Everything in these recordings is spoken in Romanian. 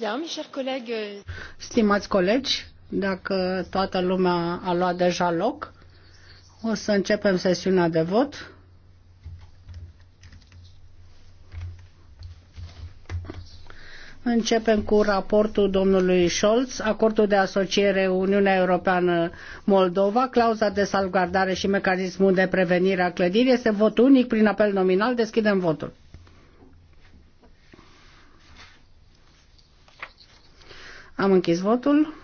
Da, Stimați colegi, dacă toată lumea a luat deja loc, o să începem sesiunea de vot. Începem cu raportul domnului Scholz, acordul de asociere Uniunea Europeană-Moldova, clauza de salvgardare și mecanismul de prevenire a clădirii. Este vot unic prin apel nominal. Deschidem votul. Am închis votul.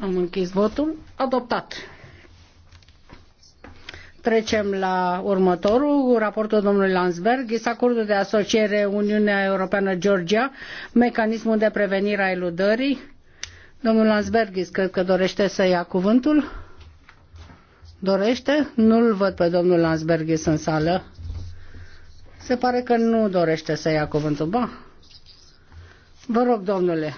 Am închis votul. Adoptat. Trecem la următorul, raportul domnului Landsberg, este acordul de asociere Uniunea Europeană-Georgia, mecanismul de prevenire a eludării. Domnul Landsbergis, cred că dorește să ia cuvântul. Dorește? Nu-l văd pe domnul Landsbergis în sală. Se pare că nu dorește să ia cuvântul. Ba, vă rog, domnule.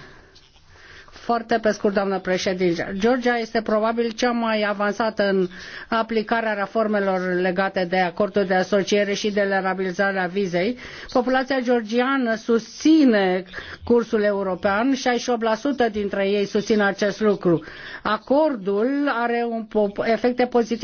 Foarte pe scurt, doamnă președinte. Georgia este probabil cea mai avansată în aplicarea reformelor legate de acordul de asociere și de liberalizarea vizei. Populația georgiană susține cursul european, 68% dintre ei susțin acest lucru. Acordul are un efecte pozitive